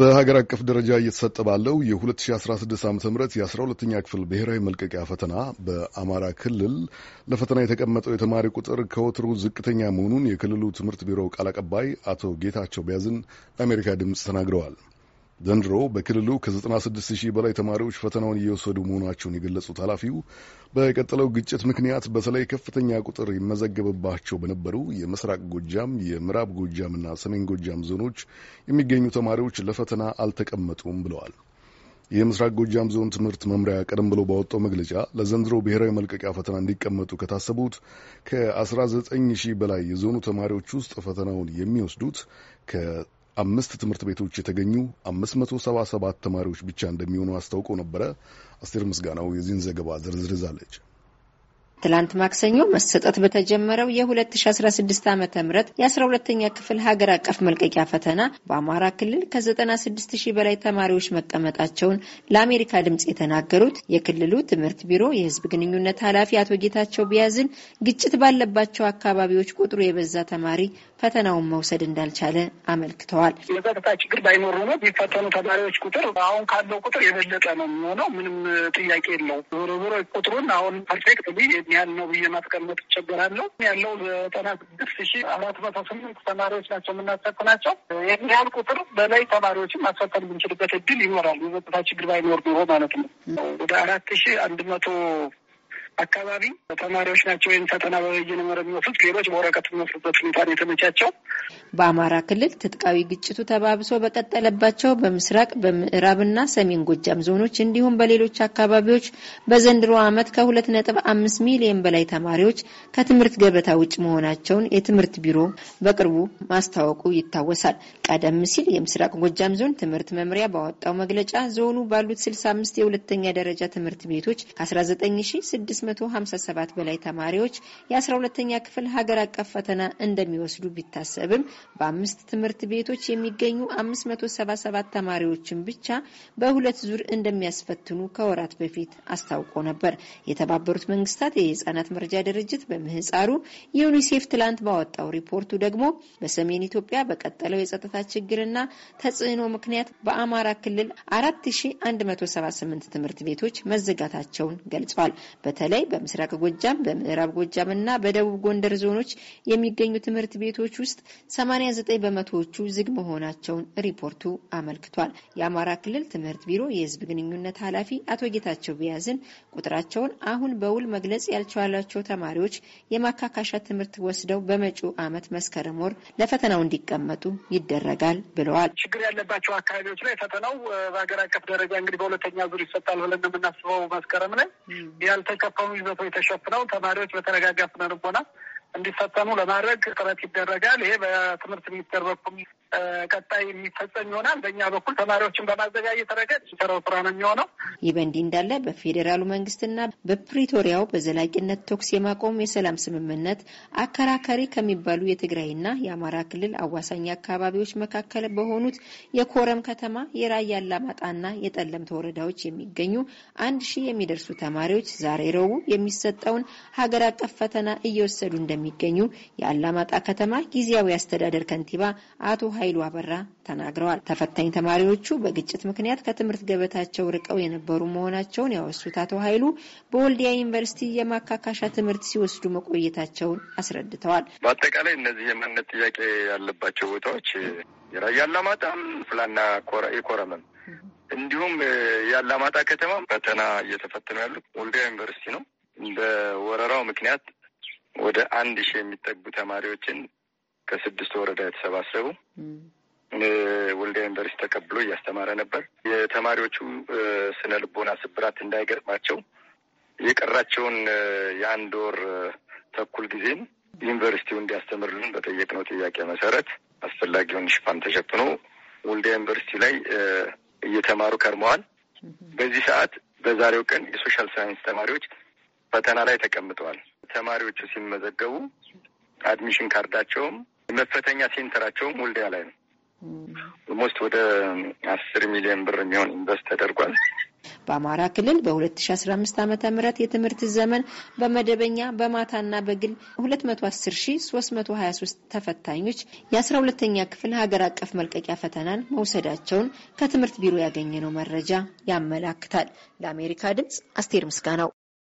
በሀገር አቀፍ ደረጃ እየተሰጠ ባለው የ2016 ዓ ም የ12ኛ ክፍል ብሔራዊ መልቀቂያ ፈተና በአማራ ክልል ለፈተና የተቀመጠው የተማሪ ቁጥር ከወትሩ ዝቅተኛ መሆኑን የክልሉ ትምህርት ቢሮ ቃል አቀባይ አቶ ጌታቸው ቢያዝን ለአሜሪካ ድምፅ ተናግረዋል። ዘንድሮ በክልሉ ከ96 ሺህ በላይ ተማሪዎች ፈተናውን እየወሰዱ መሆናቸውን የገለጹት ኃላፊው በቀጠለው ግጭት ምክንያት በተለይ ከፍተኛ ቁጥር ይመዘገብባቸው በነበሩ የምስራቅ ጎጃም፣ የምዕራብ ጎጃምና ሰሜን ጎጃም ዞኖች የሚገኙ ተማሪዎች ለፈተና አልተቀመጡም ብለዋል። የምስራቅ ጎጃም ዞን ትምህርት መምሪያ ቀደም ብሎ ባወጣው መግለጫ ለዘንድሮ ብሔራዊ መልቀቂያ ፈተና እንዲቀመጡ ከታሰቡት ከ19 ሺህ በላይ የዞኑ ተማሪዎች ውስጥ ፈተናውን የሚወስዱት አምስት ትምህርት ቤቶች የተገኙ 577 ተማሪዎች ብቻ እንደሚሆኑ አስታውቀው ነበረ። አስቴር ምስጋናው የዚህን ዘገባ ዝርዝር ይዛለች። ትላንት ማክሰኞ መሰጠት በተጀመረው የ2016 ዓ ም የ12ኛ ክፍል ሀገር አቀፍ መልቀቂያ ፈተና በአማራ ክልል ከ96 ሺህ በላይ ተማሪዎች መቀመጣቸውን ለአሜሪካ ድምፅ የተናገሩት የክልሉ ትምህርት ቢሮ የሕዝብ ግንኙነት ኃላፊ አቶ ጌታቸው ቢያዝን ግጭት ባለባቸው አካባቢዎች ቁጥሩ የበዛ ተማሪ ፈተናውን መውሰድ እንዳልቻለ አመልክተዋል። የጸጥታ ችግር ባይኖር ኖሮ የሚፈተኑ ተማሪዎች ቁጥር አሁን ካለው ቁጥር የበለጠ ነው የሚሆነው። ምንም ጥያቄ የለው። ዞሮ ዞሮ ቁጥሩን አሁን ፐርፌክት ያህል ነው ብዬ ማስቀመጥ ይቸገራለሁ። ያለው ዘጠና ስድስት ሺ አራት መቶ ስምንት ተማሪዎች ናቸው የምናሰጥናቸው። ይህን ያህል ቁጥር በላይ ተማሪዎችን ማሰጠን የምንችልበት እድል ይኖራል የጸጥታ ችግር ባይኖር ኖሮ ማለት ነው። ወደ አራት ሺ አንድ መቶ አካባቢ ተማሪዎች ናቸው ወይም ፈተና በበይነ መረብ የሚወስዱት፣ ሌሎች በወረቀት የሚወስዱበት ሁኔታ ነው የተመቻቸው። በአማራ ክልል ትጥቃዊ ግጭቱ ተባብሶ በቀጠለባቸው በምስራቅ በምዕራብና ሰሜን ጎጃም ዞኖች እንዲሁም በሌሎች አካባቢዎች በዘንድሮ ዓመት ከሁለት ነጥብ አምስት ሚሊዮን በላይ ተማሪዎች ከትምህርት ገበታ ውጭ መሆናቸውን የትምህርት ቢሮ በቅርቡ ማስታወቁ ይታወሳል። ቀደም ሲል የምስራቅ ጎጃም ዞን ትምህርት መምሪያ ባወጣው መግለጫ ዞኑ ባሉት አምስት የሁለተኛ ደረጃ ትምህርት ቤቶች ሺ 19 ከ357 በላይ ተማሪዎች የ 12 ኛ ክፍል ሀገር አቀፍ ፈተና እንደሚወስዱ ቢታሰብም በአምስት ትምህርት ቤቶች የሚገኙ 577 ተማሪዎችን ብቻ በሁለት ዙር እንደሚያስፈትኑ ከወራት በፊት አስታውቆ ነበር። የተባበሩት መንግስታት የህጻናት መርጃ ድርጅት በምህፃሩ ዩኒሴፍ ትላንት ባወጣው ሪፖርቱ ደግሞ በሰሜን ኢትዮጵያ በቀጠለው የጸጥታ ችግርና ተጽዕኖ ምክንያት በአማራ ክልል 4178 ትምህርት ቤቶች መዘጋታቸውን ገልጿል። በተለይ በተለይ በምስራቅ ጎጃም፣ በምዕራብ ጎጃም እና በደቡብ ጎንደር ዞኖች የሚገኙ ትምህርት ቤቶች ውስጥ 89 በመቶዎቹ ዝግ መሆናቸውን ሪፖርቱ አመልክቷል። የአማራ ክልል ትምህርት ቢሮ የህዝብ ግንኙነት ኃላፊ አቶ ጌታቸው ቢያዝን ቁጥራቸውን አሁን በውል መግለጽ ያልቻላቸው ተማሪዎች የማካካሻ ትምህርት ወስደው በመጪው ዓመት መስከረም ወር ለፈተናው እንዲቀመጡ ይደረጋል ብለዋል። ችግር ያለባቸው አካባቢዎች ላይ ፈተናው በሀገር አቀፍ ደረጃ እንግዲህ በሁለተኛ ዙር ይሰጣል ብለን የምናስበው መስከረም ላይ ያልተከፈ በወቅታዊ ይዘቶች ተሸፍነው ተማሪዎች በተረጋጋ ስነልቦና እንዲፈተኑ ለማድረግ ጥረት ይደረጋል። ይሄ በትምህርት ሚኒስቴር በኩል ቀጣይ የሚፈጸም ይሆናል። በእኛ በኩል ተማሪዎችን በማዘጋጀት ረገድ ሰራው ስራ ነው የሚሆነው። ይህ በእንዲህ እንዳለ በፌዴራሉ መንግስትና በፕሪቶሪያው በዘላቂነት ተኩስ የማቆም የሰላም ስምምነት አከራካሪ ከሚባሉ የትግራይና የአማራ ክልል አዋሳኝ አካባቢዎች መካከል በሆኑት የኮረም ከተማ፣ የራያ አላማጣና የጠለምት ወረዳዎች የሚገኙ አንድ ሺህ የሚደርሱ ተማሪዎች ዛሬ ረቡዕ የሚሰጠውን ሀገር አቀፍ ፈተና እየወሰዱ እንደሚገኙ የአላማጣ ከተማ ጊዜያዊ አስተዳደር ከንቲባ አቶ ኃይሉ አበራ ተናግረዋል። ተፈታኝ ተማሪዎቹ በግጭት ምክንያት ከትምህርት ገበታቸው ርቀው የነበሩ መሆናቸውን ያወሱት አቶ ኃይሉ በወልዲያ ዩኒቨርሲቲ የማካካሻ ትምህርት ሲወስዱ መቆየታቸውን አስረድተዋል። በአጠቃላይ እነዚህ የማንነት ጥያቄ ያለባቸው ቦታዎች የራያ አላማጣም፣ ፍላና ኮረመም እንዲሁም የአላማጣ ከተማ ፈተና እየተፈተኑ ያሉት ወልዲያ ዩኒቨርሲቲ ነው። በወረራው ምክንያት ወደ አንድ ሺህ የሚጠጉ ተማሪዎችን ከስድስት ወረዳ የተሰባሰቡ ወልዲያ ዩኒቨርሲቲ ተቀብሎ እያስተማረ ነበር። የተማሪዎቹ ስነ ልቦና ስብራት እንዳይገጥማቸው የቀራቸውን የአንድ ወር ተኩል ጊዜም ዩኒቨርሲቲው እንዲያስተምርልን በጠየቅነው ጥያቄ መሰረት አስፈላጊውን ሽፋን ተሸፍኖ ወልዲያ ዩኒቨርሲቲ ላይ እየተማሩ ከርመዋል። በዚህ ሰዓት በዛሬው ቀን የሶሻል ሳይንስ ተማሪዎች ፈተና ላይ ተቀምጠዋል። ተማሪዎቹ ሲመዘገቡ አድሚሽን ካርዳቸውም መፈተኛ ሴንተራቸውም ወልዲያ ላይ ነው። ኦልሞስት ወደ አስር ሚሊዮን ብር የሚሆን ኢንቨስት ተደርጓል። በአማራ ክልል በ2015 ዓ ም የትምህርት ዘመን በመደበኛ በማታና በግል 210323 ተፈታኞች የ12ተኛ ክፍል ሀገር አቀፍ መልቀቂያ ፈተናን መውሰዳቸውን ከትምህርት ቢሮ ያገኘነው መረጃ ያመላክታል። ለአሜሪካ ድምፅ አስቴር ምስጋናው